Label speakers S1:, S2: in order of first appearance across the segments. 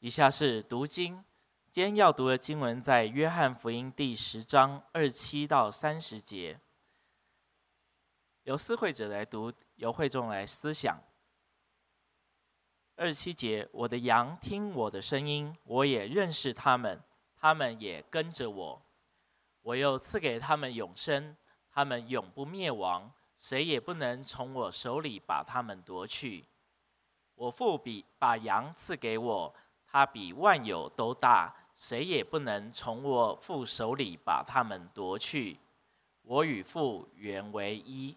S1: 以下是讀經，今天要讀的經文在《約翰福音》第十章二七到三十節。由司會者來讀，由會眾來思想。二七節：我的羊聽我的聲音，我也認識他們，他們也跟着我。我又賜給他們永生，他們永不滅亡，誰也不能從我手裡把他們奪去。我父比把羊賜給我。他比萬有都大，誰也不能從我父手裡把他們奪去。我與父原為一。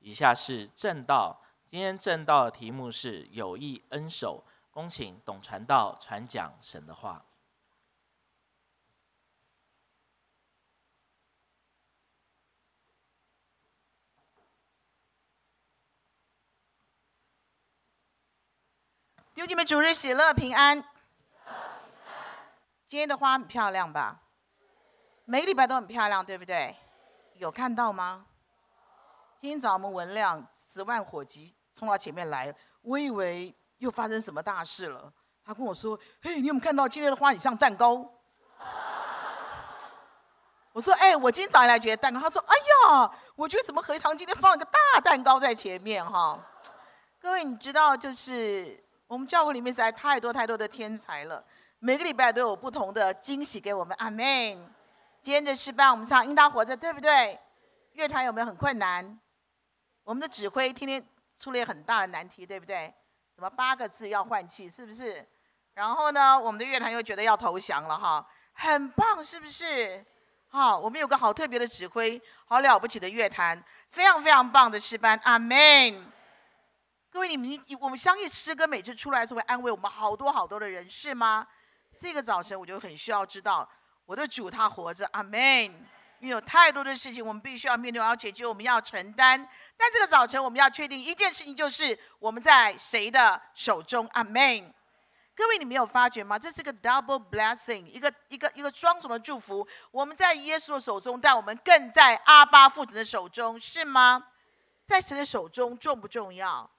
S1: 以下是正道，今天正道的題目是有一恩手，恭請董傳道傳講神的話。祝你們主日喜樂平安。今天的花很漂亮吧？每個禮拜都很漂亮，對不對？有看到嗎？今天早上我們文亮十萬火急衝到前面來，我以為又發生什麼大事了。他跟我說：“嘿，你有沒有看到今天的花，很像蛋糕？”我說：“哎、欸，我今天早上來覺得蛋糕。”他說：“哎呀，我覺得怎麼合一堂今天放了個大蛋糕在前面哈？”各位，你知道，就是我們教會裡面實在太多太多的天才了。每個禮拜都有不同的驚喜給我們，阿門。今天的詩班，我們唱《因祂活著》，對不對？樂團有沒有很困難？我們的指揮天天出了一個很大的難題，對不對？什麼八個字要換氣，是不是？然後呢，我們的樂團又覺得要投降了，哈，很棒，是不是？好，我們有個好特別的指揮，好了不起的樂團，非常非常棒的詩班，阿門。各位你、你們、我們相信詩歌每次出來是會安慰我們好多好多的人，是嗎？這個早晨我就很需要知道我的主他活着，阿們，因為有太多的事情我們必須要面對，而且只有我們要承擔。但這個早晨我們要確定一件事情，就是我們在誰的手中，阿們。各位，你沒有發覺嗎？這是一個 double blessing，一個一個一個雙重的祝福。我們在耶穌的手中，但我們更在阿爸父神的手中，是嗎？在誰的手中重不重要？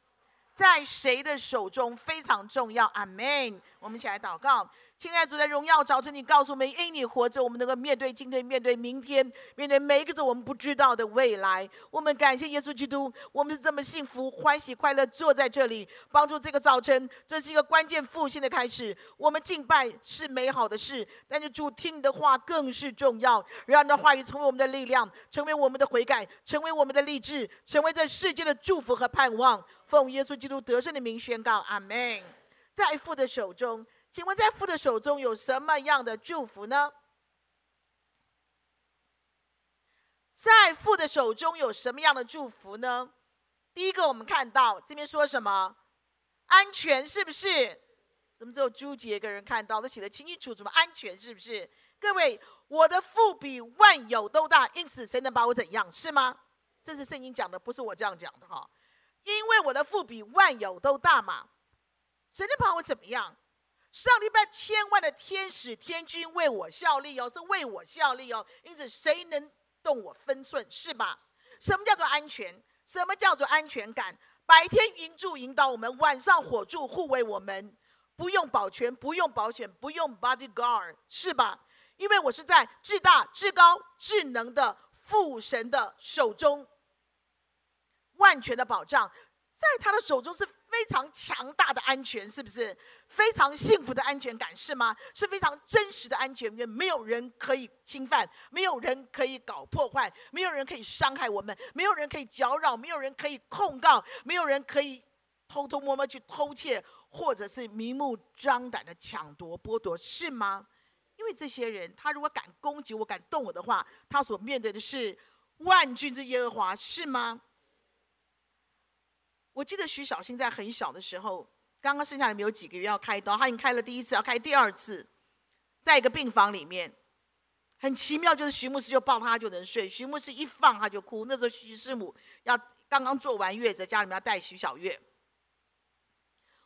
S1: 在誰的手中非常重要，阿們。我們一起來禱告。親愛的主的榮耀早晨，你告訴我們因你活着，我們能夠面對今天，面對明天，面對每一個我們不知道的未來。我們感謝耶穌基督，我們是這麼幸福、歡喜、快樂，坐在這裡幫助這個早晨，這是一個關鍵復興的開始。我們敬拜是美好的事，但是主聽你的話更是重要，讓你的話語成為我們的力量，成為我們的悔改，成為我們的勵志，成為這世界的祝福和盼望。奉耶穌基督得勝的名宣告，阿門。在父的手中。請問，在父的手中有什麼樣的祝福呢？在父的手中有什麼樣的祝福呢？第一個，我們看到這邊說什麼？安全是不是？怎麼只有朱杰一個人看到？他寫的清清楚楚，安全是不是？各位，我的父比萬有都大，因此誰能把我怎樣？是嗎？這是聖經講的，不是我這樣講的哈。因為我的父比萬有都大嘛，誰能把我怎麼樣？上帝派千萬的天使天軍為我效力哦，是為我效力哦，因此誰能動我分寸是吧？什麼叫做安全？什麼叫做安全感？白天雲柱引導我們，晚上火柱護衛我們，不用保全，不用保險，不用 bodyguard，是吧？因為我是在至大、至高、至能的父神的手中，萬全的保障，在他的手中是。非常強大的安全，是不是？非常幸福的安全感，是嗎？是非常真實的安全，也沒有人可以侵犯，沒有人可以搞破壞，沒有人可以傷害我們，沒有人可以攪擾，沒有人可以控告，沒有人可以偷偷摸摸去偷竊，或者是明目張膽的搶奪、剝奪，是嗎？因為這些人，他如果敢攻擊我、敢動我的話，他所面對的是萬軍之耶和華，是嗎？我記得徐小新在很小的時候，剛剛生下來沒有幾個月要開刀，他已經開了第一次，要開第二次，在一個病房裡面，很奇妙，就是徐牧師就抱他就能睡，徐牧師一放他就哭。那時候徐師母要剛剛坐完月子，家裡面要帶徐小月，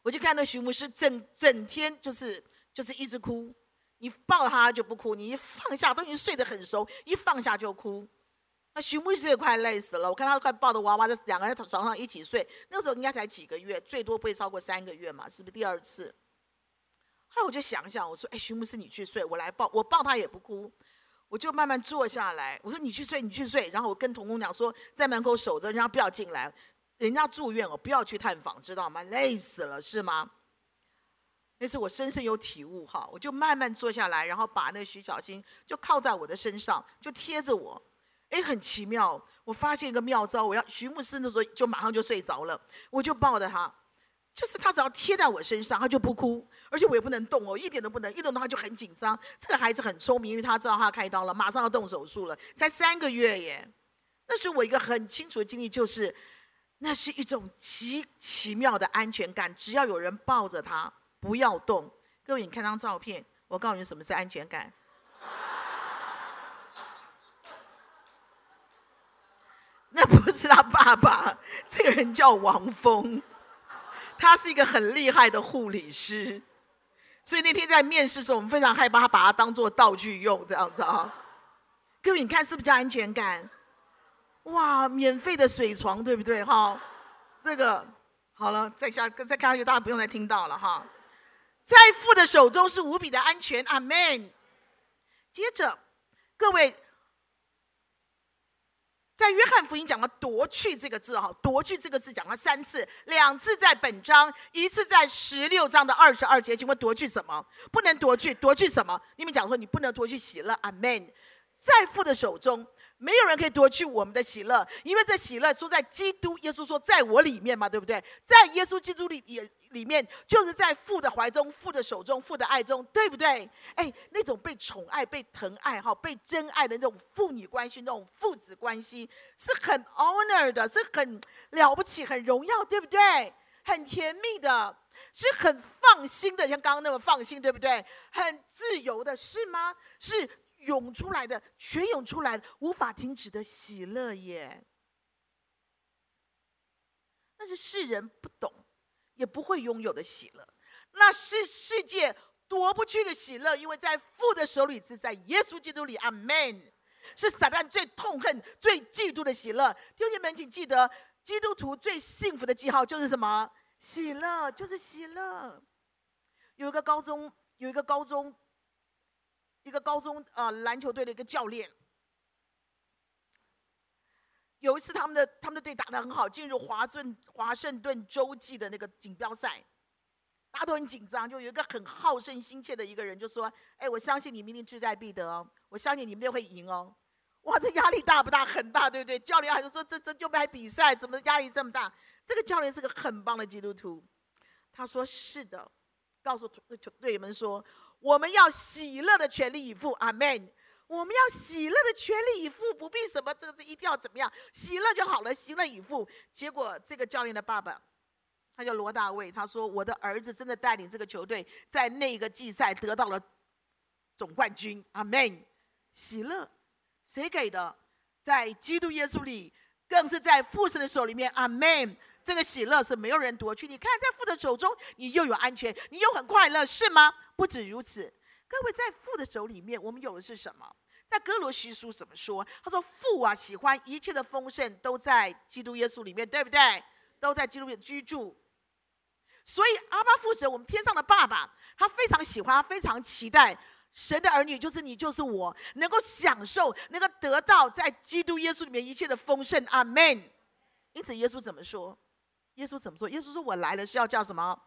S1: 我就看到徐牧師整整天就是就是一直哭，你抱他就不哭，你一放下都已經睡得很熟，一放下就哭。那徐牧師也快累死了，我看他快抱着娃娃，在兩個人在床上一起睡。那個時候應該才幾個月，最多不會超過三個月嘛，是不是第二次？後來我就想想，我說：“哎，徐牧師你去睡，我來抱，我抱他也不哭。”我就慢慢坐下來，我說：“你去睡，你去睡。”然後我跟童工講說：“在門口守着，人家不要進來，人家住院我不要去探訪，知道嗎？累死了，是嗎？”那次我深深有體悟哈，我就慢慢坐下來，然後把那徐小星就靠在我的身上，就貼着我。誒，很奇妙！我發現一個妙招，我要徐牧師的時候就馬上就睡着了，我就抱着他，就是他只要貼在我身上，他就不哭，而且我也不能動哦，我一點都不能，一動的話就很緊張。這個孩子很聰明，因為他知道他開刀了，馬上要動手術了，才三個月耶。那是我一個很清楚的經歷，就是那是一種極奇妙的安全感，只要有人抱着他，不要動。各位，你看張照片，我告訴你什麼是安全感。那不是他爸爸，這個人叫王峰，他是一個很厲害的護理師，所以那天在面試的時候，我們非常害怕他把他當作道具用，這樣子啊、哦。各位，你看是不是安全感？哇，免費的水床，對不對？哈、哦，這個好了，在下再看下去，大家不用再聽到了哈、哦。在父的手中是無比的安全，阿 man 接着，各位。在約翰福音講了“奪去”這個字哈，“奪去”這個字講了三次，兩次在本章，一次在十六章的二十二節。請問“奪去”什麼？不能“奪去”，“奪去”什麼？你們講說你不能“奪去”喜樂。阿們。在父的手中。沒有人可以奪去我們的喜樂，因為這喜樂說在基督耶穌說在我裡面嘛，對不對？在耶穌基督裡也裡面，就是在父的懷中、父的手中、父的愛中，對不對？哎，那種被寵愛、被疼愛、哈、被珍愛的那種父女關係、那種父子關係，是很 honor 的，是很了不起、很榮耀，對不對？很甜蜜的，是很放心的，像剛剛那麼放心，對不對？很自由的是嗎？是。湧出來的，全湧出來的，無法停止的喜樂耶！那是世人不懂，也不會擁有的喜樂，那是世界奪不去的喜樂，因為在父的手裡，是在耶穌基督裡，阿門。是撒旦最痛恨、最嫉妒的喜樂。弟兄們，請記得，基督徒最幸福的記號就是什麼？喜樂，就是喜樂。有一個高中，有一個高中。一個高中啊、呃、籃球隊的一個教練，有一次他們的他們的隊打得很好，進入華盛頓華盛頓州際的那個錦標賽，大家都很緊張，就有一個很好勝心切的一個人就說：“哎，我相信你明天志在必得，我相信你們一定會贏哦。”哇，這壓力大不大很大，對不對？教練還是說：“這這就來比賽，怎麼壓力這麼大？”這個教練是個很棒的基督徒，他說：“是的，告訴球隊們說。”我們要喜樂的全力以赴，阿門。我們要喜樂的全力以赴，不必什麼，這個是一定要怎麼樣？喜樂就好了，喜樂以赴。結果這個教練的爸爸，他叫羅大衛，他說我的兒子真的帶領這個球隊在那個季賽得到了總冠軍，阿門。喜樂，誰給的？在基督耶穌裡，更是在父神的手裡面，阿門。這個喜樂是沒有人奪去。你看，在父的手中，你又有安全，你又很快樂，是嗎？不止如此，各位在父的手裡面，我們有的是什麼？在哥羅西書怎麼說？他說：“父啊，喜歡一切的豐盛都在基督耶穌裡面，對不對？都在基督裡面居住。所以阿爸父神，我們天上的爸爸，他非常喜歡，他非常期待神的兒女，就是你，就是我，能夠享受，能夠得到在基督耶穌裡面一切的豐盛。”阿門。因此，耶穌怎麼說？耶穌怎麼說？耶穌說：“我來了，是要叫什麼？”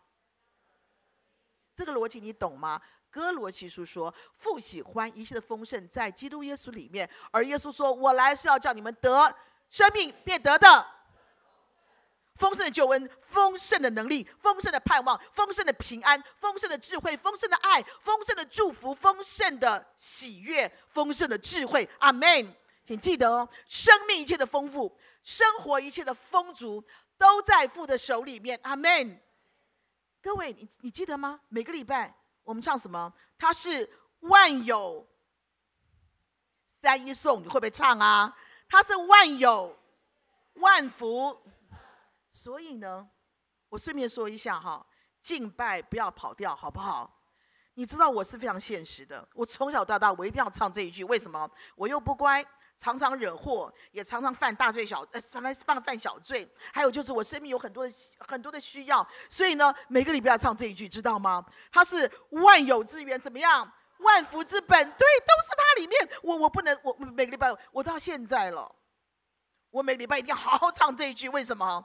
S1: 這個邏輯你懂嗎？歌羅西書說，父喜歡一切的豐盛在基督耶穌裡面，而耶穌說：“我來的是要叫你們得生命，便得的豐盛的救恩，豐盛的能力，豐盛的盼望，豐盛的平安，豐盛的智慧，豐盛的愛，豐盛的祝福，豐盛的喜悅，豐盛的智慧。”阿門。請記得哦，生命一切的豐富，生活一切的豐足。都在父的手裡面，阿門。各位，你你記得嗎？每個禮拜我們唱什麼？他是萬有三一頌，你會不會唱啊？他是萬有萬福，所以呢，我順便說一下哈，敬拜不要跑調，好不好？你知道我是非常現實的。我從小到大，我一定要唱這一句。為什麼？我又不乖，常常惹禍，也常常犯大罪小、小呃，犯犯小，犯小罪。還有就是我生命有很多的很多的需要，所以呢，每個禮拜要唱這一句，知道嗎？它是萬有之源，怎麼樣？萬福之本，對，都是它裡面。我我不能，我，我每個禮拜我到現在了，我每個禮拜一定要好好唱這一句。為什麼？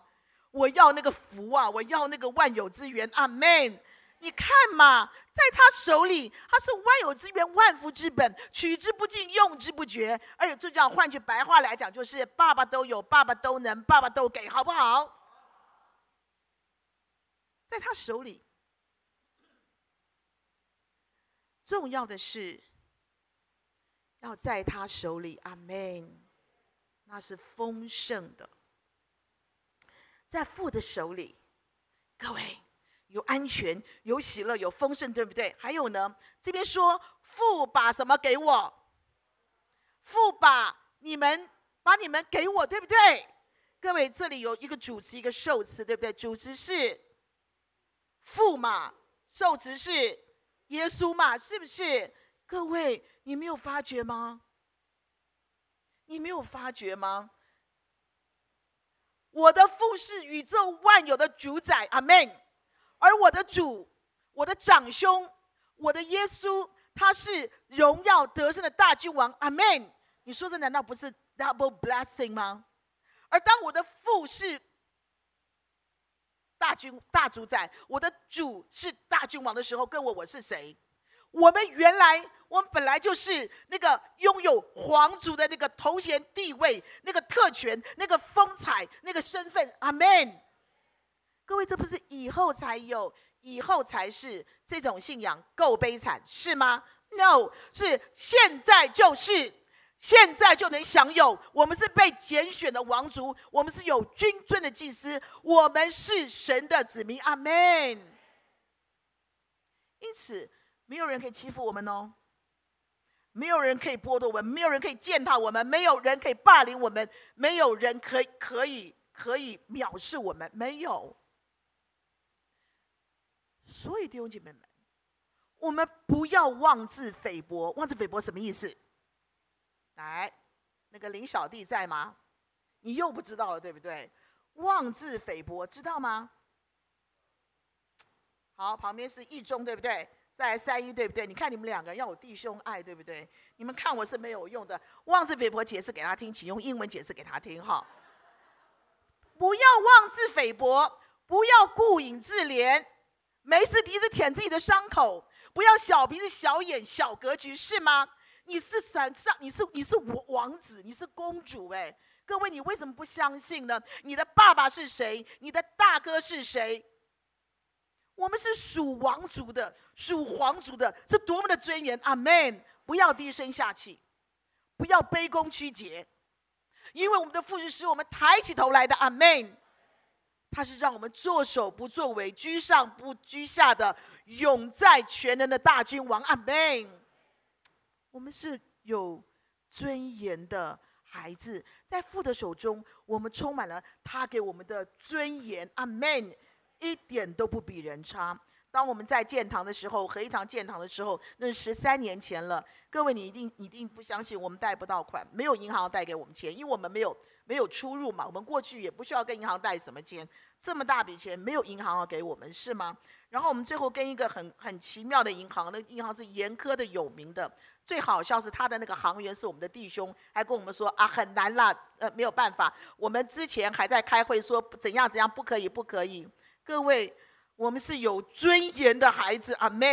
S1: 我要那個福啊！我要那個萬有之源。阿門。你看嘛，在他手裡，他是萬有之源、萬福之本，取之不盡、用之不絕。而且，最重要，換句白話來講，就是爸爸都有，爸爸都能，爸爸都給，好不好？在他手裡，重要的是要在他手裡。阿門，那是豐盛的。在父的手裡，各位。有安全，有喜樂，有豐盛，對不對？還有呢？這邊說父把什麼給我？父把你們把你們給我，對不對？各位，這裡有一個主詞，一個受詞，對不對？主詞是父嘛？受詞是耶穌嘛？是不是？各位，你沒有發覺嗎？你沒有發覺嗎？我的父是宇宙萬有的主宰，阿門。而我的主，我的長兄，我的耶穌，他是榮耀得勝的大君王，阿門。你說這難道不是 double blessing 嗎？而當我的父是大君大主宰，我的主是大君王的時候，問我我是誰？我們原來我們本來就是那個擁有皇族的那個頭銜地位、那個特權、那個風采、那個身份，阿門。各位，這不是以後才有，以後才是這種信仰夠悲慘是嗎？No，是現在就是，現在就能享有。我們是被揀選的王族，我們是有君尊的祭司，我們是神的子民。阿們。因此，沒有人可以欺負我們哦，沒有人可以剝奪我們，沒有人可以踐踏我們，沒有人可以霸凌我們，沒有人可以可以可以藐視我們，沒有。所以弟兄姐妹們，我們不要妄自菲薄。妄自菲薄什麼意思？來，那個林小弟在嗎？你又不知道了，對不對？妄自菲薄，知道嗎？好，旁邊是一中，對不對？在三一，對不對？你看你們兩個人，要我弟兄愛，對不對？你們看我是沒有用的，妄自菲薄，解釋給他聽，請用英文解釋給他聽，好。不要妄自菲薄，不要顧影自憐。沒事，鼻子舔自己的傷口，不要小鼻子、小眼、小格局，是嗎？你是神上，你是你是王王子，你是公主，哎，各位，你為什麼不相信呢？你的爸爸是誰？你的大哥是誰？我們是屬王族的，屬皇族的，是多麼的尊嚴啊！Amen！不要低聲下氣，不要卑躬屈節，因為我們的父是使我們抬起頭來的。Amen！他是讓我們作首不作尾、居上不居下的永在全能的大君王，阿門。我們是有尊嚴的孩子，在父的手中，我們充滿了他給我們的尊嚴，阿門。一點都不比人差。當我們在建堂的時候，合一堂建堂的時候，那是十三年前了。各位，你一定你一定不相信，我們貸不到款，沒有銀行貸給我們錢，因為我們沒有。沒有出入嘛？我們過去也不需要跟銀行貸什麼錢，這麼大筆錢沒有銀行要給我們是嗎？然後我們最後跟一個很很奇妙的銀行，那銀行是嚴苛的有名的，最好笑是他的那個行員是我們的弟兄，還跟我們說啊很難啦，呃沒有辦法，我們之前還在開會說怎樣怎樣不可以不可以。各位，我們是有尊嚴的孩子，阿門。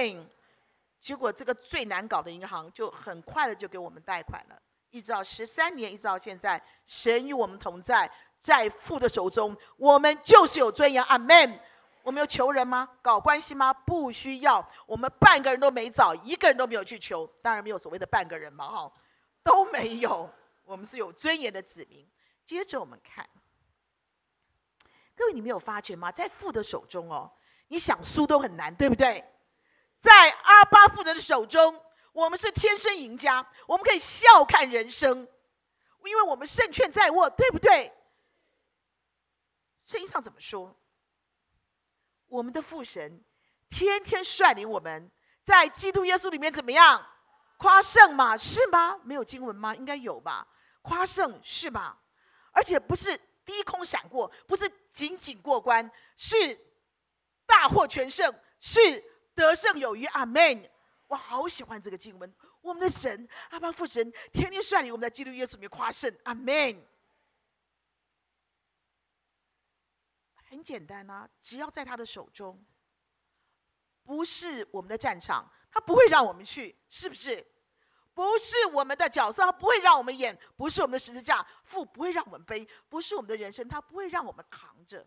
S1: 結果這個最難搞的銀行就很快的就給我們貸款了。一直到十三年，一直到現在，神與我們同在，在父的手中，我們就是有尊嚴。阿門。我們有求人嗎？搞關係嗎？不需要，我們半個人都沒找，一個人都沒有去求，當然沒有所謂的半個人嘛，哈、哦，都沒有。我們是有尊嚴的子民。接着我們看，各位，你沒有發覺嗎？在父的手中哦，你想輸都很難，對不對？在阿爸父的手中。我們是天生贏家，我們可以笑看人生，因為我們勝券在握，對不對？聖經上怎麼說？我們的父神天天率領我們，在基督耶穌裡面怎麼樣？誇勝嗎？是嗎？沒有經文嗎？應該有吧？誇勝是吧？而且不是低空閃過，不是僅僅過關，是大獲全勝，是得勝有餘。阿們。我好喜歡這個經文，我們的神阿爸父神天天率領我們在基督耶穌裡面誇勝，阿們。很簡單啊，只要在他的手中，不是我們的戰場，他不會讓我們去，是不是？不是我們的角色，他不會讓我們演；不是我們的十字架，父不會讓我們背；不是我們的人生，他不會讓我們扛着。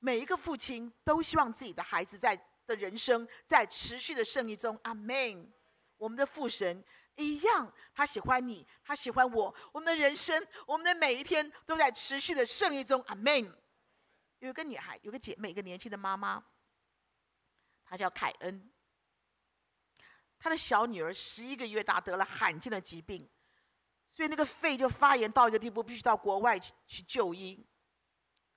S1: 每一個父親都希望自己的孩子在的人生在持續的勝利中，阿門。我們的父神一樣，他喜歡你，他喜歡我。我們的人生，我們的每一天都在持續的勝利中，阿門。有一個女孩，有個姐妹，一個年輕的媽媽，她叫凱恩。她的小女兒十一個月大，得了罕見的疾病，所以那個肺就發炎到一個地步，必須到國外去去就醫。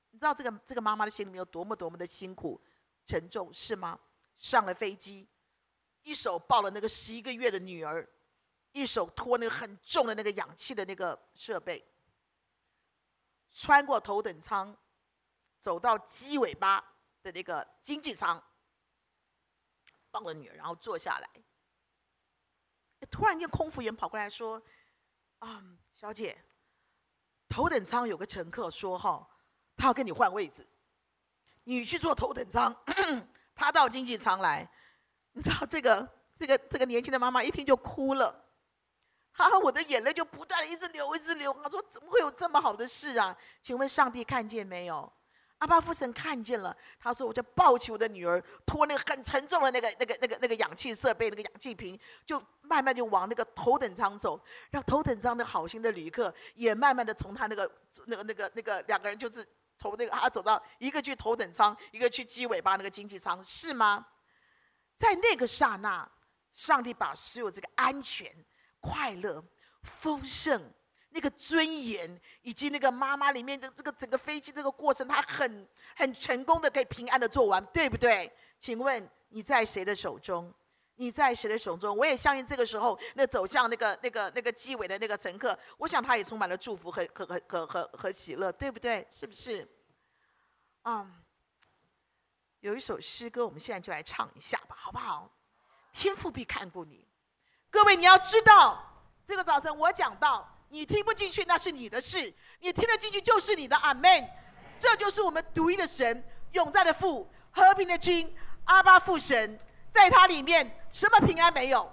S1: 你知道這個這個媽媽的心裡面有多麼多麼的辛苦。沉重是嗎？上了飛機，一手抱了那個十一個月的女兒，一手托那個很重的那個氧氣的那個設備，穿過頭等艙，走到機尾巴的那個經濟艙，抱了女兒，然後坐下來。突然間，空服員跑過來說：“啊、哦，小姐，頭等艙有個乘客說哈、哦，他要跟你換位置。”你去坐頭等艙咳咳，他到經濟艙來，你知道這個這個這個年輕的媽媽一聽就哭了，她說我的眼淚就不斷的一直流一直流，她說怎麼會有這麼好的事啊？請問上帝看見沒有？阿爸父神看見了，他說，我就抱起我的女兒，拖那個很沉重的那個那個那個那個氧氣設備那個氧氣瓶，就慢慢就往那個頭等艙走，然後頭等艙的好心的旅客也慢慢的從他那個那個那個、那個、那個兩個人就是。從那個啊走到一個去頭等艙，一個去雞尾巴那個經濟艙，是嗎？在那個剎那，上帝把所有這個安全、快樂、豐盛、那個尊嚴以及那個媽媽裡面的這個整個飛機這個過程，他很很成功的可以平安的做完，對不對？請問你在誰的手中？你在誰的手中？我也相信這個時候，那走向那個、那個、那個機尾的那個乘客，我想他也充滿了祝福和和和和和和喜樂，對不對？是不是？嗯、um，有一首詩歌，我們現在就來唱一下吧，好不好？天父必看顧你。各位，你要知道，這個早晨我講到，你聽不進去那是你的事，你聽得進去就是你的。阿門。這就是我們獨一的神，永在的父，和平的君，阿爸父神。在他裡面，什麼平安沒有，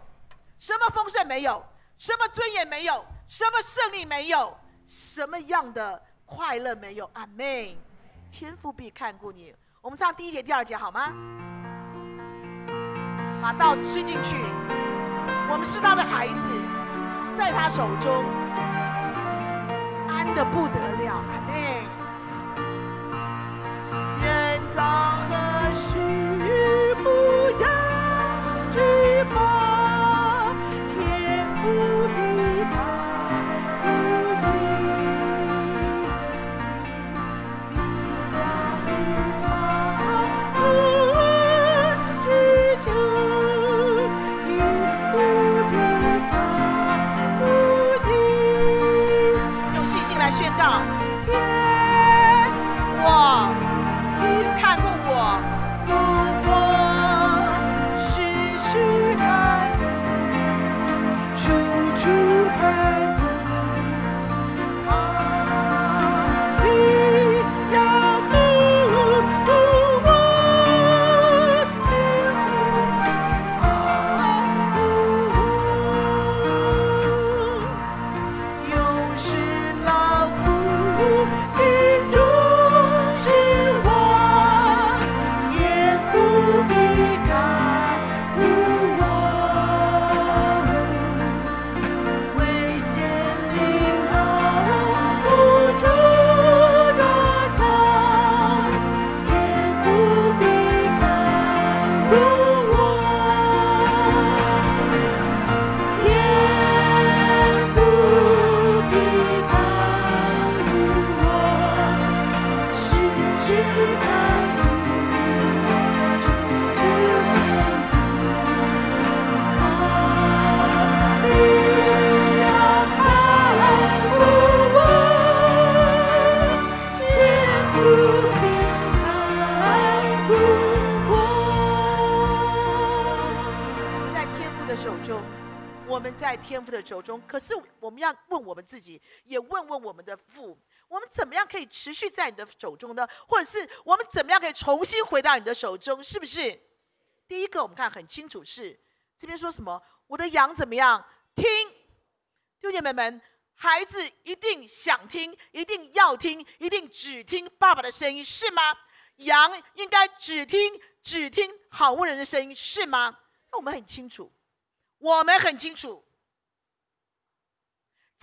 S1: 什麼豐盛沒有，什麼尊嚴沒有，什麼勝利沒有，什麼樣的快樂沒有？阿們，天父必看顧你，我們上第一節、第二節好嗎？把道吃進去。我們是他的孩子，在他手中，安得不得了。阿門。手中，可是我們要問我們自己，也問問我們的父，我們怎麼樣可以持續在你的手中呢？或者是我們怎麼樣可以重新回到你的手中？是不是？第一個，我們看很清楚是，是這邊說什麼？我的羊怎麼樣？聽，弟兄姐妹們，孩子一定想聽，一定要聽，一定只聽爸爸的聲音，是嗎？羊應該只聽，只聽好牧人的聲音，是嗎？那我們很清楚，我們很清楚。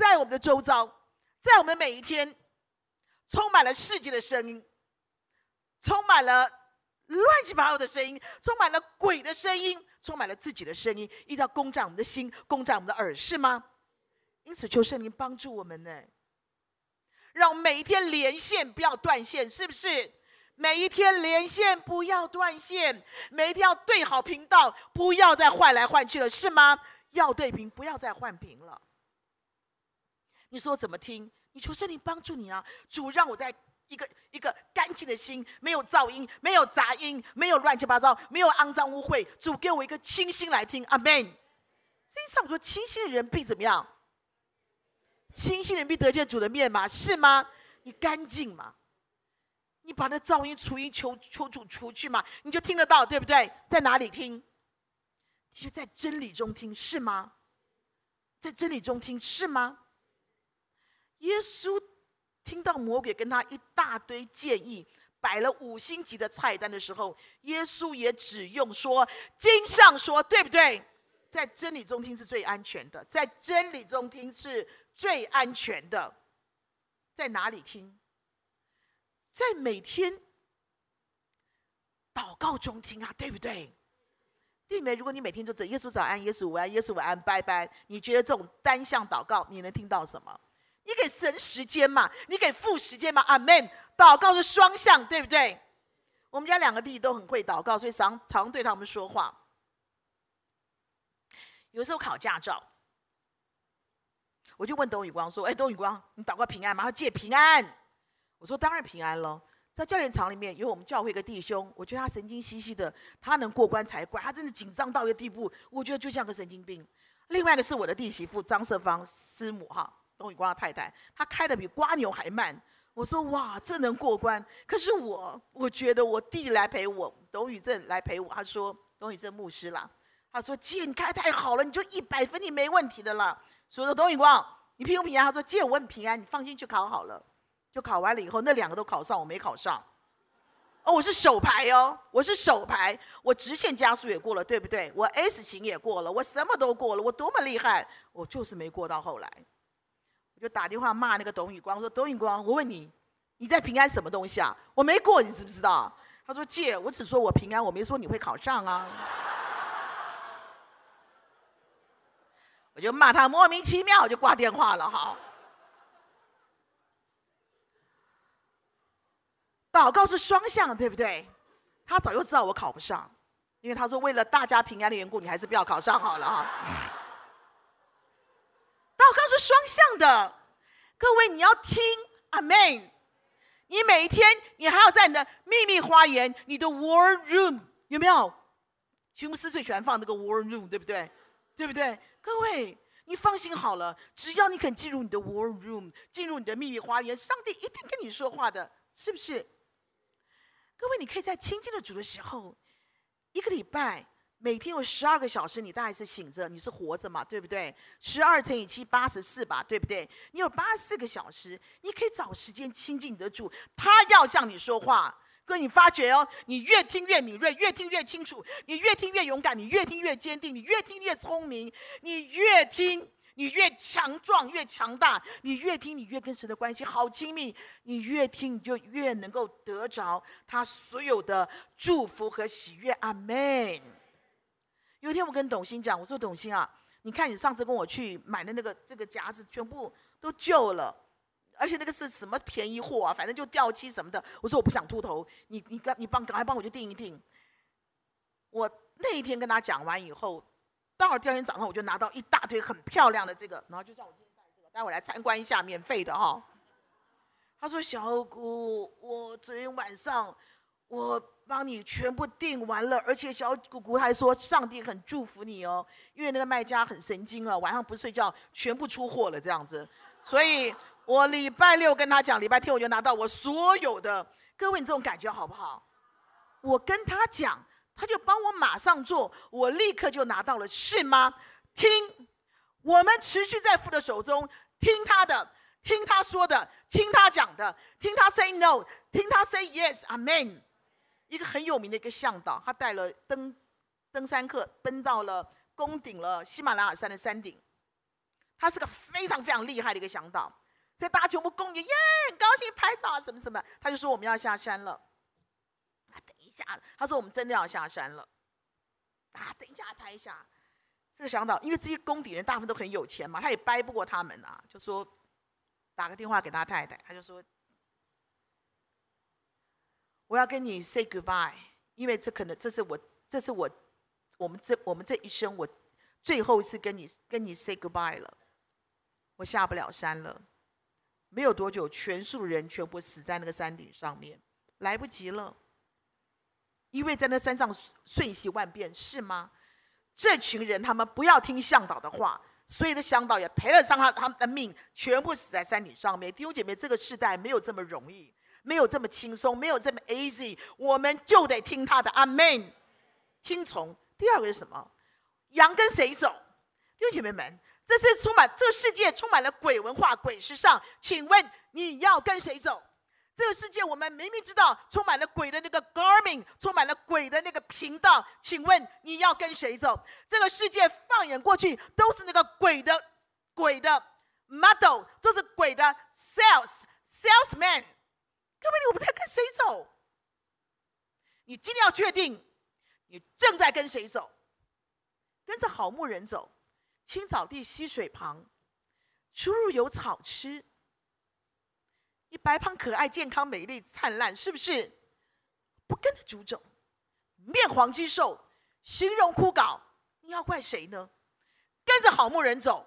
S1: 在我們的周遭，在我們每一天，充滿了世界的聲音，充滿了亂七八糟的聲音，充滿了鬼的聲音，充滿了自己的聲音，一定要攻占我們的心，攻占我們的耳，是嗎？因此，求聖靈幫助我們呢，讓每一天連線不要斷線，是不是？每一天連線不要斷線，每一天要對好頻道，不要再換來換去了，是嗎？要對頻，不要再換頻了。你說怎麼聽？你求聖靈幫助你啊！主讓我在一個一個乾淨的心，沒有噪音，沒有雜音，沒有亂七八糟，沒有骯髒污穢。主給我一個清心來聽，Amen。聖經上說，清心的人必怎麼樣？清心的人必得見主的面嗎？是嗎？你乾淨嗎？你把那噪音、除音求求主除去嗎？你就聽得到，對不對？在哪裡聽？就在真理中聽，是嗎？在真理中聽，是嗎？耶穌聽到魔鬼跟他一大堆建議，擺了五星級的菜單的時候，耶穌也只用說，經上說，對不對？在真理中聽是最安全的，在真理中聽是最安全的。在哪裡聽？在每天禱告中聽啊，對不對？弟妹，如果你每天都只耶穌早安，耶穌晚安，耶穌晚安，拜拜，你覺得這種單向禱告，你能聽到什麼？你給神時間嘛？你給父時間嘛？阿們！禱告是雙向，對不對？我們家兩個弟弟都很會禱告，所以常常，常對他們說話。有時候考駕照，我就問董宇光說：“哎，董宇光，你禱告平安嗎？”他借平安。我說：“當然平安了。”在教練場裡面有我們教會的弟兄，我覺得他神經兮兮的，他能過關才怪，他真的緊張到一個地步，我覺得就像個神經病。另外一個是我的弟媳婦張瑟芳師母哈。董宇光的太太，他開的比蝸牛還慢。我說哇，這能過關？可是我，我覺得我弟、弟來陪我，董宇正來陪我。他說：“董宇正牧師啦。”他說：“姐，你開太好了，你就一百分，你沒問題的啦。”所以說：“董宇光，你平不平安？”他說：“姐，我很平安，你放心去考好了。”就考完了以後，那兩個都考上，我沒考上。哦，我是手排哦，我是手排，我直線加速也過了，對不對？我 S 型也過了，我什麼都過了，我多麼厲害！我就是沒過到後來。就打電話罵那個董宇光，我說，董宇光，我問你，你在平安什麼東西啊？我沒過，你知不知道？他說借，我只說我平安，我沒說你會考上啊。我就罵他莫名其妙，我就掛電話了。哈，禱告是雙向，對不對？他早就知道我考不上，因為他說為了大家平安的緣故，你還是不要考上好了，哈。禱告是雙向的，各位你要聽阿門、啊。你每一天，你還要在你的秘密花園，你的 war room 有沒有？瓊斯最喜歡放那個 war room，對不對？對不對？各位，你放心好了，只要你肯進入你的 war room，進入你的秘密花園，上帝一定跟你說話的，是不是？各位，你可以在親近的主的時候，一個禮拜。每天有十二個小時，你大概是醒着，你是活着嘛，對不對？十二乘以七，八十四吧，對不對？你有八十四個小時，你可以找時間親近你的主，他要向你說話。可，你發覺哦，你越聽越敏銳，越聽越清楚，你越聽越勇敢，你越聽越堅定，你越聽越聰明，你越聽你越強壯，越強大，你越聽你越跟神的關係好親密，你越聽你就越能夠得着他所有的祝福和喜悅。阿門。有一天我跟董欣講，我說董欣啊，你看你上次跟我去買的那個這個夾子全部都舊了，而且那個是什麼便宜貨啊？反正就掉漆什麼的。我說我不想禿頭，你你你，你幫，趕快幫我去訂一訂。我那一天跟他講完以後，到了第二天早上我就拿到一大堆很漂亮的這個，然後就叫我今天帶這個，待會兒來參觀一下免費的哈、哦。他說小姑，我昨天晚上我。幫你全部訂完了，而且小姑姑還說上帝很祝福你哦，因為那個賣家很神經啊，晚上不睡覺，全部出貨了這樣子。所以我禮拜六跟他講，禮拜天我就拿到我所有的。各位，你這種感覺好不好？我跟他講，他就幫我馬上做，我立刻就拿到了，是嗎？聽，我們持續在父的手中，聽他的，聽他說的，聽他講的，聽他 say no，聽他 say yes，Amen。一個很有名的一個嚮導，他帶了登登山客，登到了攻頂，了喜馬拉雅山的山頂。他是個非常非常厲害的一個嚮導，所以大家全部恭迎，耶，很高興拍照啊什麼什麼，他就說我們要下山了。啊，等一下，他說我們真的要下山了。啊，等一下拍一下。這個嚮導，因為這些攻頂人大部分都很有錢嘛，他也掰不過他們啊，就說打個電話給他太太，他就說。我要跟你 say goodbye，因為這可能這是我這是我，我們這我們這一生我，最後一次跟你跟你 say goodbye 了，我下不了山了。沒有多久，全數人全部死在那個山頂上面，來不及了，因為在那山上瞬息萬變，是嗎？這群人他們不要聽向導的話，所以這向導也賠了上他他們的命，全部死在山頂上面。弟兄姐妹，這個時代沒有這麼容易。沒有這麼輕鬆，沒有這麼 easy，我們就得聽他的。Amen，聽從。第二個是什麼？羊跟誰走？弟兄姐妹們，這是充滿這個世界充滿了鬼文化、鬼時尚。請問你要跟誰走？這個世界我們明明知道充滿了鬼的那個 garment，充滿了鬼的那個頻道。請問你要跟誰走？這個世界放眼過去都是那個鬼的鬼的 model，都是鬼的 sales，salesman。根本你不太跟誰走，你今天要確定你正在跟誰走，跟着好牧人走，青草地溪水旁，出入有草吃，你白胖可愛健康美麗燦爛，是不是？不跟着主走，面黃肌瘦，形容枯槁，你要怪誰呢？跟着好牧人走，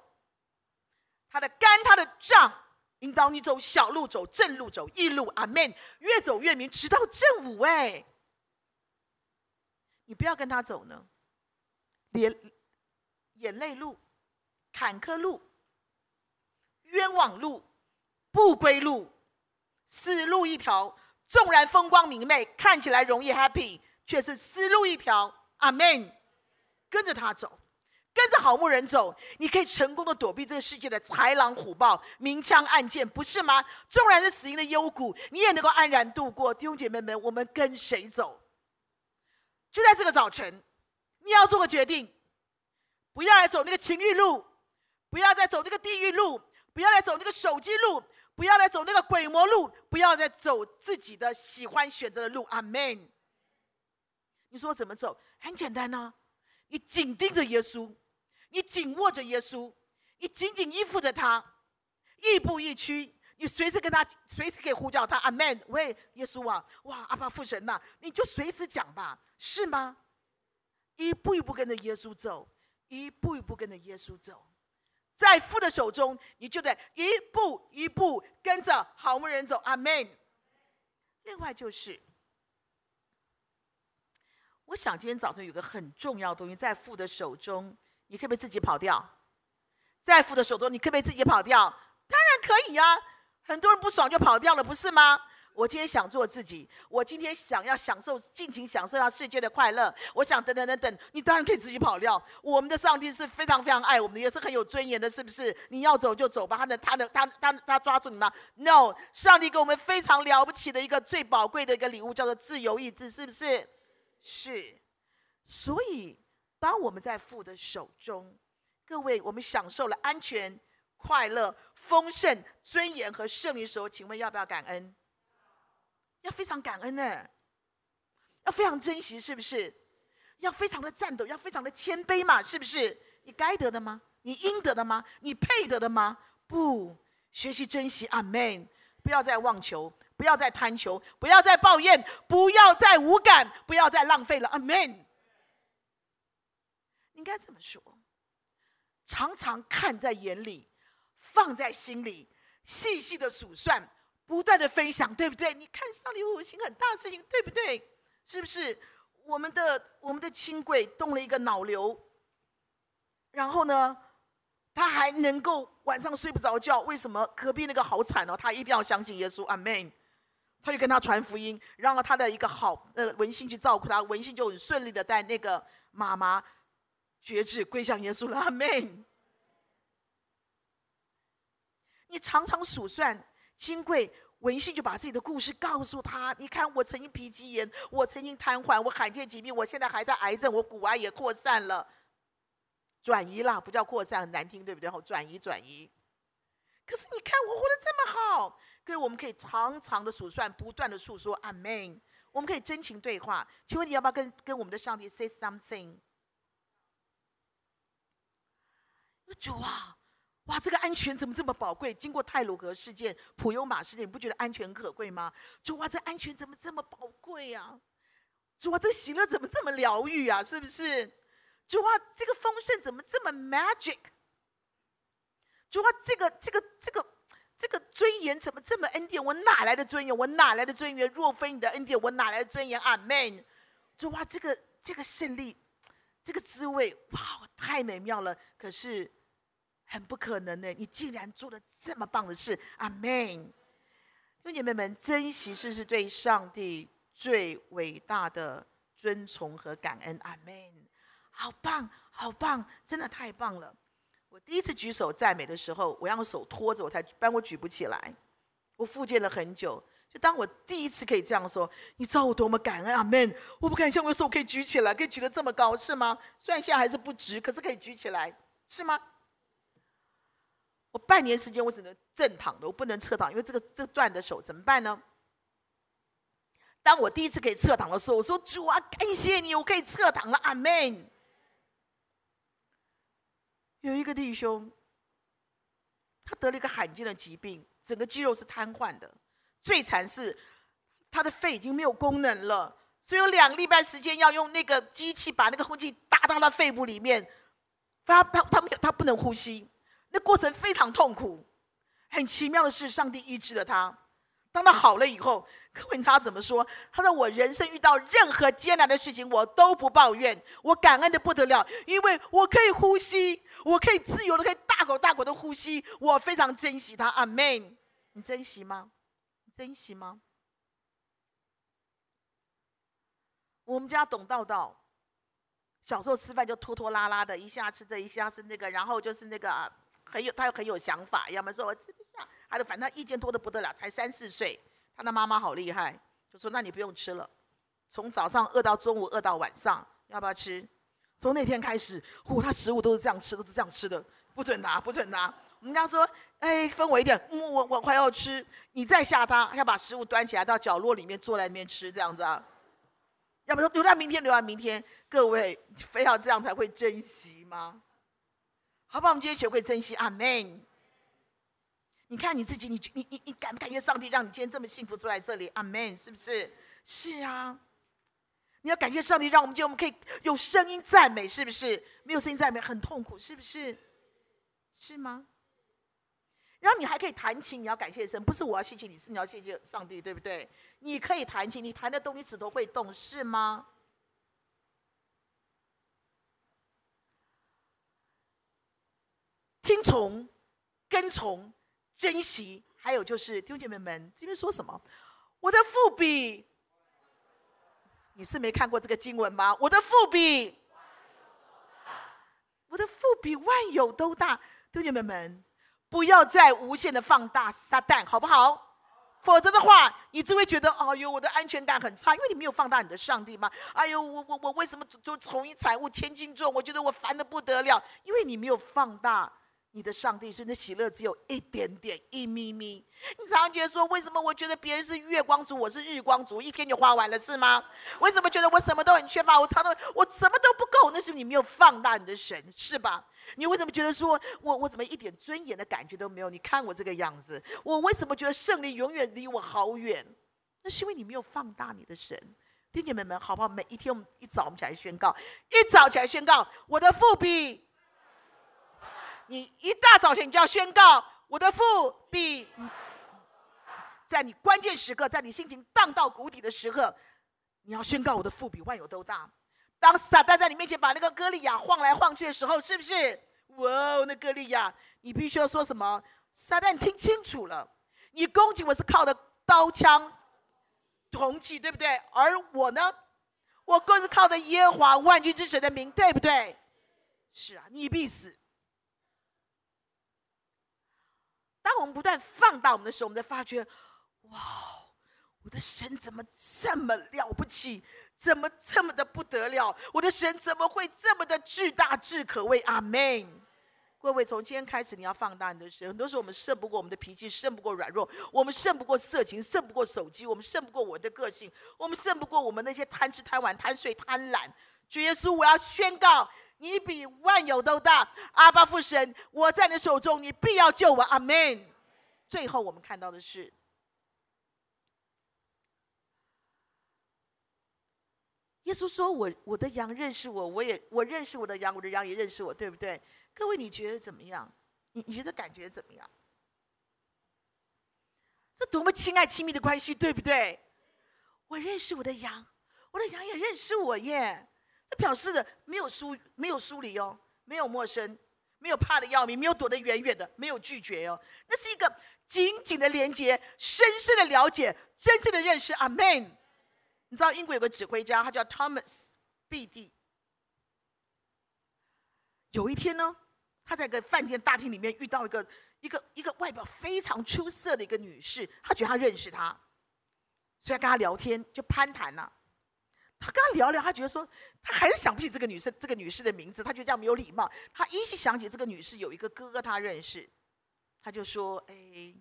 S1: 他的竿，他的杖。引導你走小路走，走正路走，走義路，阿門，越走越明，直到正午哎。你不要跟他走呢，連眼淚路、坎坷路、冤枉路、不歸路，死路一條。縱然風光明媚，看起來容易 happy，卻是死路一條阿門。跟着他走。跟着好牧人走，你可以成功的躲避這個世界的豺狼虎豹、明槍暗箭，不是嗎？縱然是死蔭的幽谷，你也能夠安然度過。弟兄姐妹們，我們跟誰走？就在這個早晨，你要做個決定，不要來走那個情慾路，不要再走那個地獄路，不要來走那個手機路，不要來走那個鬼魔路，不要再走自己的喜歡選擇的路。阿門。你說怎麼走？很簡單呢、啊，你緊盯着耶穌。你緊握着耶穌，你緊緊依附着他，亦步亦趨。你隨時跟他，隨時可以呼叫他。阿門。喂，耶穌啊，哇，阿爸父神吶、啊，你就隨時講吧，是嗎？一步一步跟着耶穌走，一步一步跟着耶穌走，在父的手中，你就得一步一步跟着好牧人走。阿門。另外就是，我想今天早晨有個很重要的東西在父的手中。你可不可以自己跑掉？在父的手中，你可不可以自己跑掉？當然可以呀、啊！很多人不爽就跑掉了，不是嗎？我今天想做自己，我今天想要享受，盡情享受到世界的快樂。我想等等等等，你當然可以自己跑掉。我們的上帝是非常非常愛我們的，也是很有尊嚴的，是不是？你要走就走吧，他能他能他他他抓住你嗎？No！上帝給我們非常了不起的一個最寶貴的一個禮物，叫做自由意志，是不是？是。所以。當我們在父的手中，各位，我們享受了安全、快樂、豐盛、尊嚴和勝利的時候，請問要不要感恩？要非常感恩呢？要非常珍惜，是不是？要非常的戰鬥，要非常的謙卑嘛，是不是？你該得的嗎？你應得的嗎？你配得的嗎？不，學習珍惜，阿門，不要再妄求，不要再貪求，不要再抱怨，不要再無感，不要再浪費了，阿門。Amen 應該這麼說：常常看在眼裡，放在心裡，細細的數算，不斷的分享，對不對？你看上禮拜五新聞很大事情，對不對？是不是？我們的我們的親閨動了一個腦瘤，然後呢，他還能夠晚上睡不着覺，為什麼？隔壁那個好慘哦，他一定要相信耶穌，阿門。他就跟他傳福音，讓他的一個好呃文信去照顧他，文信就很順利的帶那個媽媽。決志歸向耶穌了，阿們！你常常數算，金貴文信就把自己的故事告訴他。你看，我曾經脾肌炎，我曾經癱瘓，我罕見疾病，我現在還在癌症，我骨癌也擴散了，轉移了，不叫擴散，很難聽，對不對？好，轉移，轉移。可是你看我活得這麼好，各位，我們可以常常的數算，不斷的述說，阿們！我們可以真情對話，請問你要不要跟跟我們的上帝 say something？主啊，哇，這個安全怎麼這麼寶貴？經過太魯閣事件、普悠瑪事件，你不覺得安全可貴嗎？主啊，這安全怎麼這麼寶貴呀、啊？主啊，這個、喜樂怎麼這麼療癒啊？是不是？主啊，這個豐盛怎麼這麼 magic？主啊，這個這個這個這個尊嚴怎麼這麼恩典？我哪來的尊嚴？我哪來的尊嚴？若非你的恩典，我哪來的尊嚴？阿門。主啊，這個這個勝利。這個滋味哇，太美妙了！可是很不可能呢。你竟然做了這麼棒的事，阿門。弟兄姐妹們，們，珍惜這是對上帝最偉大的尊崇和感恩，阿門。好棒，好棒，真的太棒了！我第一次舉手讚美的時候，我讓手托着，我才但我舉不起來。我復健了很久。當我第一次可以這樣說，你知道我多麼感恩，阿門。我不敢相信我的手可以舉起來，可以舉得這麼高，是嗎？雖然現在還是不直，可是可以舉起來，是嗎？我半年時間，我只能正躺的，我不能側躺，因為這個這斷的手怎麼辦呢？當我第一次可以側躺的時候，我說：“主啊，感謝你，我可以側躺了。”阿門。有一個弟兄，他得了一個罕見的疾病，整個肌肉是癱瘓的。最慘是，他的肺已經沒有功能了，所以有兩個禮拜時間要用那個機器把那個呼氣打到他肺部裡面。他他他沒有他不能呼吸，那過程非常痛苦。很奇妙的是，上帝醫治了他。當他好了以後，可問他怎麼說？他說：“我人生遇到任何艱難的事情，我都不抱怨，我感恩的不得了，因為我可以呼吸，我可以自由的可以大口大口的呼吸，我非常珍惜他。”阿門。你珍惜嗎？珍惜嗎？我們家董道道小時候吃飯就拖拖拉拉的，一下吃這一下吃那個，然後就是那個、啊、很有，他又很有想法，要麼說我吃不下，他的反正他意見多得不得了。才三四歲，他的媽媽好厲害，就說那你不用吃了，從早上餓到中午，餓到晚上，要不要吃？從那天開始，呼，他食物都是這樣吃，都是這樣吃的，不准拿，不准拿。人家說：“哎，分我一點，嗯、我我快要吃，你再嚇他，要把食物端起來到角落裡面坐在裡面吃，這樣子啊？要不然留到明天，留到明天。各位非要這樣才會珍惜嗎？好不好，我們今天學會珍惜，阿門。你看你自己，你你你你感不感謝上帝讓你今天這麼幸福坐在這裡？阿門，是不是？是啊，你要感謝上帝讓我們今天我們可以有聲音讚美，是不是？沒有聲音讚美很痛苦，是不是？是嗎？”然後你還可以彈琴，你要感謝神，不是我要謝謝你，是你要謝謝上帝，對不對？你可以彈琴，你彈得動，你指頭會動，是嗎？聽從、跟從、珍惜，還有就是，弟兄姐妹們，今天說什麼？我的父比，你是沒看過這個經文嗎？我的父比，我的父比萬有都大，弟兄姐妹們。不要再無限的放大撒旦，好不好？否則的話，你就會覺得哦喲、哎，我的安全感很差，因為你沒有放大你的上帝嘛。哎呦，我我我為什麼就從一財務千斤重？我覺得我煩得不得了，因為你沒有放大。你的上帝是你的喜樂，只有一點點一咪咪。你常常覺得說，為什麼我覺得別人是月光族，我是日光族，一天就花完了，是嗎？為什麼覺得我什麼都很缺乏？我常常我什麼都不夠。那是你沒有放大你的神，是吧？你為什麼覺得說我我怎麼一點尊嚴的感覺都沒有？你看我這個樣子，我為什麼覺得勝利永遠離我好遠？那是因為你沒有放大你的神，弟兄姊妹，好不好？每一天我們一早我們起來宣告，一早起來宣告我的父比。你一大早晨，你就要宣告我的父比，在你關鍵時刻，在你心情蕩到谷底的時刻，你要宣告我的父比萬有都大。當撒旦在你面前把那個歌利亞晃來晃去的時候，是不是？哇哦，那歌利亞，你必須要說什麼？撒旦，你聽清楚了，你攻擊我是靠的刀槍銅器，對不對？而我呢，我更是靠的耶和華萬軍之神的名，對不對？是啊，你必死。當我們不斷放大我們的時候，我們才發覺，哇，我的神怎麼這麼了不起？怎麼這麼的不得了？我的神怎麼會這麼的巨大、至可畏？阿門！各位，從今天開始，你要放大你的神。很多時候，我們勝不過我們的脾氣，勝不過軟弱，我們勝不過色情，勝不過手機，我們勝不過我的個性，我們勝不過我們那些貪吃、貪玩、貪睡貪懶、貪婪。主耶穌，我要宣告。你比萬有都大，阿爸父神，我在你手中，你必要救我，阿門。最後，我們看到的是，耶穌說我：“我我的羊認識我，我也我認識我的羊，我的羊也認識我，對不對？”各位，你覺得怎麼樣？你你覺得感覺怎麼樣？這多麼親愛親密的關係，對不對？我認識我的羊，我的羊也認識我耶。他表示的沒有疏沒有疏離哦，沒有陌生，沒有怕的要命，沒有躲得遠遠的，沒有拒絕哦。那是一個緊緊的連接，深深的了解，真正的認識。阿門，你知道英國有個指揮家，他叫 Thomas B D。有一天呢，他在一個飯店大廳裡面遇到一個一個一個外表非常出色的一個女士，他覺得他認識她，所以跟她聊天就攀談了。他跟他聊聊，他覺得說他還是想不起這個女士，這個女士的名字，他覺得這樣沒有禮貌。他一想起這個女士有一個哥哥，他認識，他就說：“哎，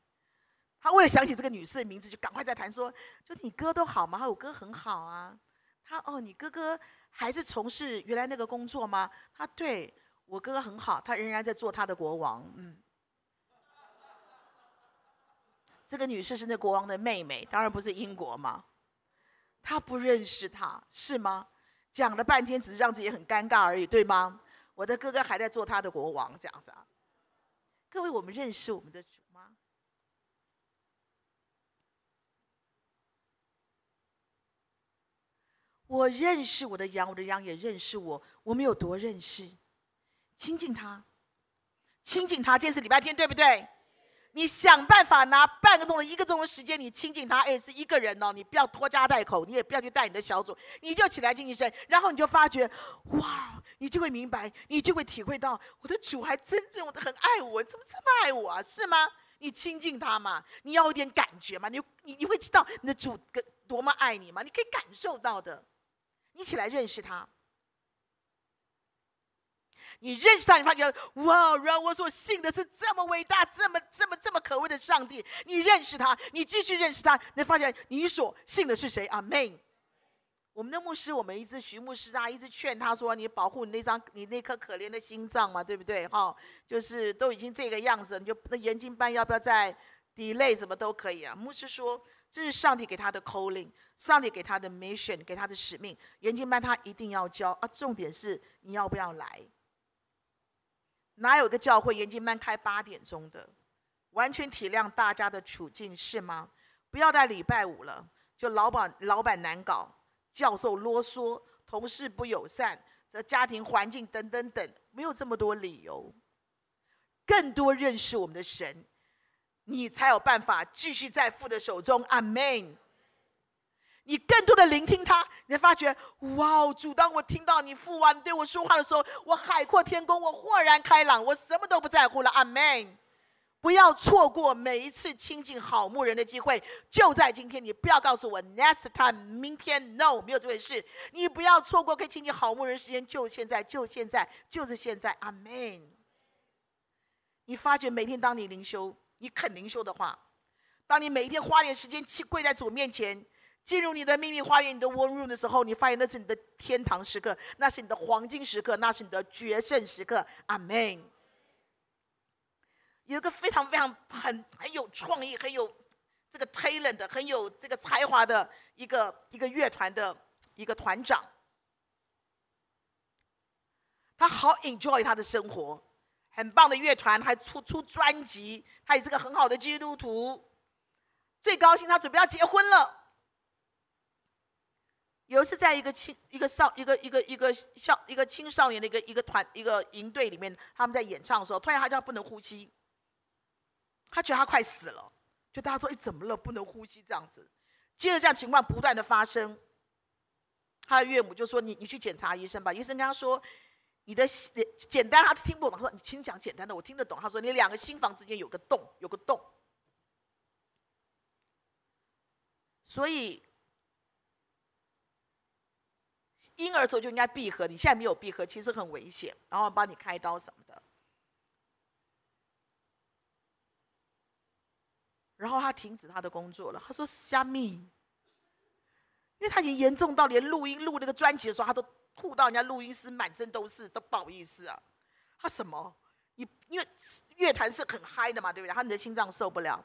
S1: 他為了想起這個女士的名字，就趕快在談說，就你哥都好嗎？我哥很好啊。他哦，你哥哥還是從事原來那個工作嗎？他對，我哥哥很好，他仍然在做他的國王。嗯，這個女士是那國王的妹妹，當然不是英國嘛。他不認識他是嗎？講了半天，只是讓自己很尷尬而已，對嗎？我的哥哥還在做他的國王，這樣子啊？各位，我們認識我們的主嗎？我認識我的羊，我的羊也認識我，我們有多認識？親近他，親近他。今天是禮拜天，對不對？你想辦法拿半個鐘的一個鐘的時間，你親近他，哎，是一個人哦，你不要拖家帶口，你也不要去帶你的小組，你就起來進一神，然後你就發覺，哇，你就會明白，你就會體會到我的主還真正很愛我，怎麼這麼愛我啊，是嗎？你親近他嘛？你要有一點感覺嘛？你你你會知道你的主多麼愛你嗎？你可以感受到的，你起來認識他。你認識他，你發覺哇！然後，我所信的是這麼偉大、這麼這麼這麼可畏的上帝。你認識他，你繼續認識他，你發現你所信的是誰？阿、啊、門。我們的牧師，我們一直徐牧師啊，一直勸他說：“你保護你那張、你那顆可憐的心臟嘛，對不對？哈、哦，就是都已經這個樣子，你就那研經班要不要再 delay 什麼都可以啊。”牧師說：“這是上帝給他的 calling，上帝給他的 mission，給他的使命。研經班他一定要教啊。重點是你要不要來。”哪有個教會研究班開八點鐘的，完全體諒大家的處境是嗎？不要在禮拜五了，就老闆老闆難搞，教授囉嗦，同事不友善，這家庭環境等等等，沒有這麼多理由。更多認識我們的神，你才有辦法繼續在父的手中。阿門。你更多的聆聽他，你會發覺，哇哦，主，當我聽到你父王、啊、對我說話的時候，我海闊天空，我豁然開朗，我什麼都不在乎了。阿門。不要錯過每一次親近好牧人的機會，就在今天。你不要告訴我 next time，明天 no，沒有這回事。你不要錯過可以親近好牧人時間，就現在，就現在，就是現在。阿門。你發覺每天當你靈修，你肯靈修的話，當你每一天花點時間去跪在主面前。進入你的秘密花園，你的 war room 的時候，你發現那是你的天堂時刻，那是你的黃金時刻，那是你的決勝時刻。阿門。有一個非常非常很很有創意、很有這個 talent 的、很有這個才華的一個一個樂團的一個團長，他好 enjoy 他的生活，很棒的樂團還出出專輯，他也是個很好的基督徒，最高興他準備要結婚了。有一次，在一個青一個少一個一個一個少一個一個青少年的一個一個團一個營隊裡面，他們在演唱的時候，突然他叫不能呼吸，他覺得他快死了，就大家說：“哎、欸，怎麼了？不能呼吸這樣子。”接着這樣情況不斷的發生，他的岳母就說：“你你去檢查醫生吧。”醫生跟他說：“你的簡單，他聽不懂。他說：‘你請講簡單的，我聽得懂。’他說：‘你兩個心房之間有個洞，有個洞。’所以。”嬰兒的時候就應該閉合，你現在沒有閉合，其實很危險，然後幫你開刀什麼的。然後他停止他的工作了，他說蝦米？因為他已經嚴重到連錄音錄那個專輯的時候，他都吐到人家錄音師滿身都是，都不好意思啊。他什麼？你因為樂團是很嗨的嘛，對不對？然後你的心臟受不了。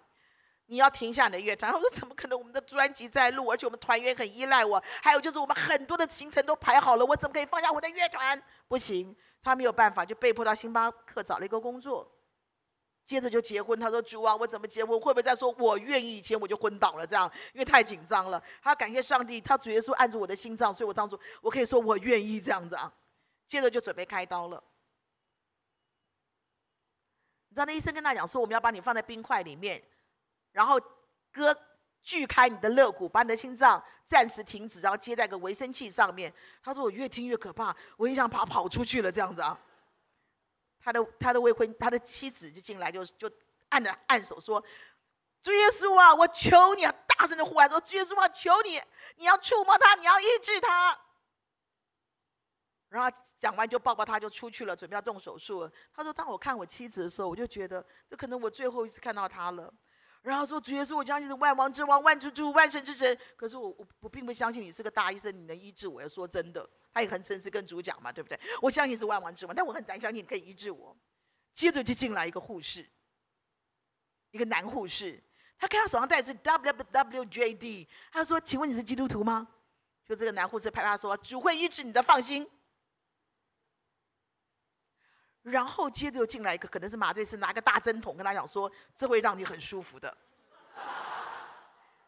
S1: 你要停下你的樂團！他說怎麼可能？我們的專輯在錄，而且我們團員很依賴我。還有就是我們很多的行程都排好了，我怎麼可以放下我的樂團？不行，他沒有辦法，就被迫到星巴克找了一個工作，接着就結婚。他說主啊，我怎麼結婚？會不會再說我願意結？以前我就昏倒了，這樣因為太緊張了。他感謝上帝，他主耶穌按住我的心臟，所以我當初我可以說我願意這樣子啊。接着就準備開刀了，你知道那醫生跟他講說我們要把你放在冰塊裡面。然後割鋸開你的肋骨，把你的心臟暫時停止，然後接在個維生器上面。他說：“我越聽越可怕，我也想，跑跑出去了這樣子啊。”他的他的未婚他的妻子就進來，就就按着按手說：“主耶穌啊，我求你啊，大聲的呼喊說，主耶穌啊，求你，你要觸摸他，你要醫治他。”然後講完就抱抱他，就出去了，準備要動手術了。他說：“當我看我妻子的時候，我就覺得這可能我最後一次看到他了。”然後說，主耶穌，我相信是萬王之王、萬主主、萬神之神。可是我我我並不相信你是個大醫生，你能醫治我？要說真的，他也很誠實跟主講嘛，對不對？我相信是萬王之王，但我很難相信，你可以醫治我。接着就進來一個護士，一個男護士，他看他手上戴的是 W W J D，他說：“請問你是基督徒嗎？”就這個男護士拍他說：“主會醫治你的，放心。”然後接着又進來一個，可能是麻醉師，拿個大針筒跟他講說：“這會讓你很舒服的。”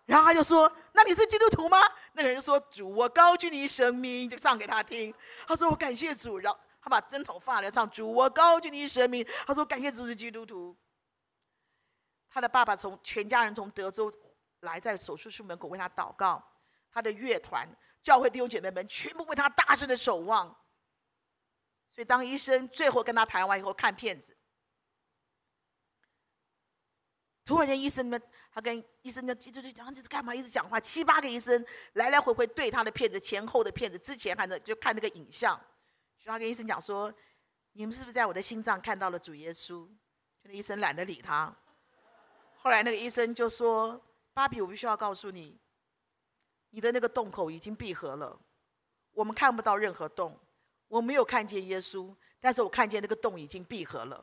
S1: 然後他就說：“那你是基督徒嗎？”那個人就說：“主，我高舉你聖名。”就唱給他聽。他說：“我感謝主。”然後他把針筒放下來唱：“主，我高舉你聖名。”他說：“感謝主是基督徒。”他的爸爸從全家人從德州來，在手術室門口為他禱告。他的樂團、教會弟兄姐妹們全部為他大聲的守望。所以，當醫生最後跟他談完以後，看片子，突然間，醫生們他跟醫生就一直講，就是幹嘛一直講話？七八個醫生來來回回對他的片子前後的片子，之前反正就看那個影像，就他跟醫生講說：“你們是不是在我的心臟看到了主耶穌？”那醫生懶得理他。後來那個醫生就說：“芭比，我必須要告訴你，你的那個洞口已經閉合了，我們看不到任何洞。”我沒有看見耶穌，但是我看見那個洞已經閉合了。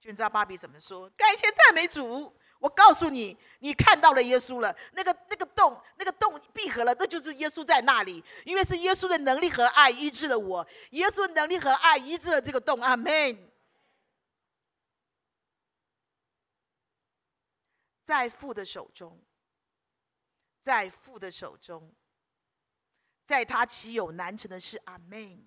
S1: 就你知道巴比怎麼說？感謝讚美主！我告訴你，你看到了耶穌了，那個那個洞，那個洞閉合了，那就是耶穌在那裡。因為是耶穌的能力和愛醫治了我，耶穌的能力和愛醫治了這個洞。阿門。在父的手中，在父的手中。在他豈有難成的事，阿門。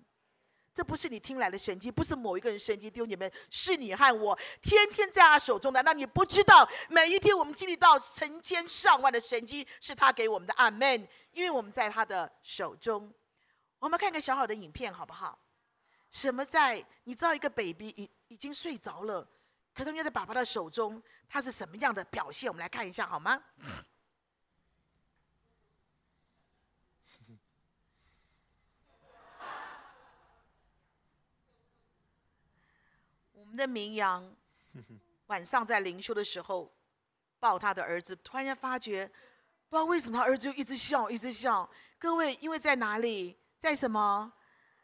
S1: 這不是你聽來的神蹟，不是某一個人神蹟丟你們，是你和我天天在他手中的。那你不知道，每一天我們經歷到成千上萬的神蹟，是他給我們的。阿門。因為我們在他的手中。我們看看小小的影片好不好？什麼在？你知道一個 baby 已已經睡着了，可是你在，在爸爸的手中，他是什麼樣的表現？我們來看一下好嗎？的名揚，晚上在靈修的時候，抱他的兒子，突然間發覺，不知道為什麼，他兒子就一直笑，一直笑。各位，因為在哪裡，在什麼，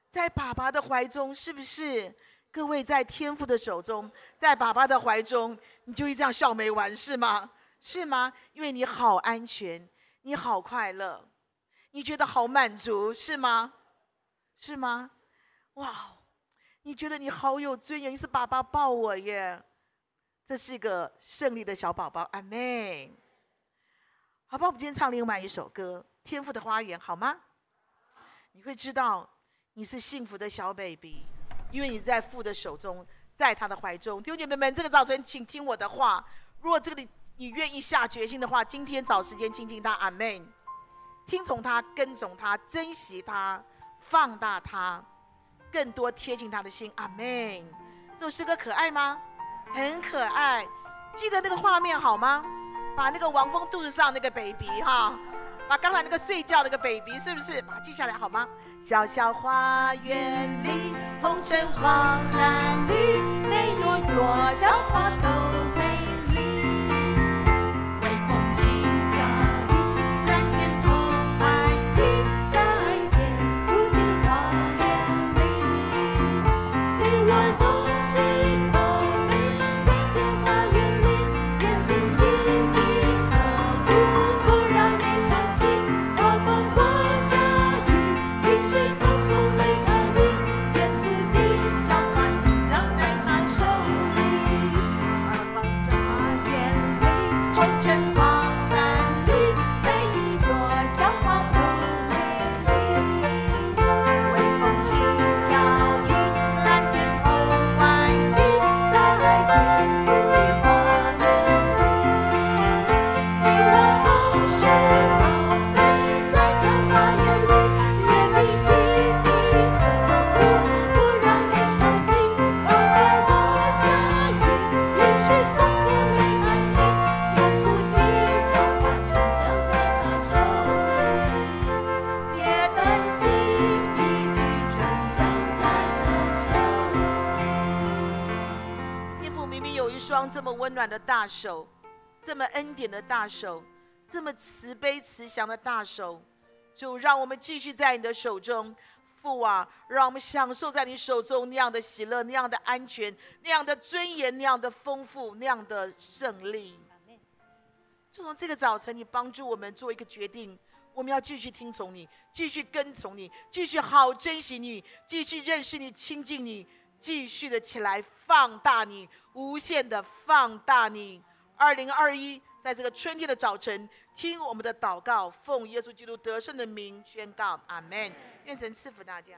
S1: 在爸爸的懷中，是不是？各位在天父的手中，在爸爸的懷中，你就一直這樣笑沒完，是嗎？是嗎？因為你好安全，你好快樂，你覺得好滿足，是嗎？是嗎？哇！你覺得你好有尊嚴？你是爸爸抱我耶，這是一個勝利的小寶寶。阿們！好吧，我們今天唱另外一首歌《天父的花園》，好嗎？你會知道你是幸福的小 baby，因為你在父的手中，在他的懷中。弟兄姐妹們，這個早晨請聽我的話，如果這裡你願意下決心的話，今天找時間親近他。阿們，聽從他，跟從他，珍惜他，放大他。更多貼近他的心，阿們，這首詩歌可愛嗎？很可愛。記得那個畫面好嗎？把那個王峰肚子上那個 baby 哈，把剛才那個睡覺那個 baby，是不是？把它記下來好嗎？小小花園裡，紅橙黃藍綠，哎有多少花都。大手，這麼恩典的大手，這麼慈悲慈祥的大手，就讓我們繼續在你的手中，父啊，讓我們享受在你手中那樣的喜樂，那樣的安全，那樣的尊嚴，那樣的豐富，那樣的勝利。就從這個早晨，你幫助我們做一個決定，我們要繼續聽從你，繼續跟從你，繼續好珍惜你，繼續認識你，親近你，繼續的起來放大你。無限的放大你，二零二一，在這個春天的早晨，聽我們的禱告，奉耶穌基督得勝的名宣告，阿門。願神賜福大家。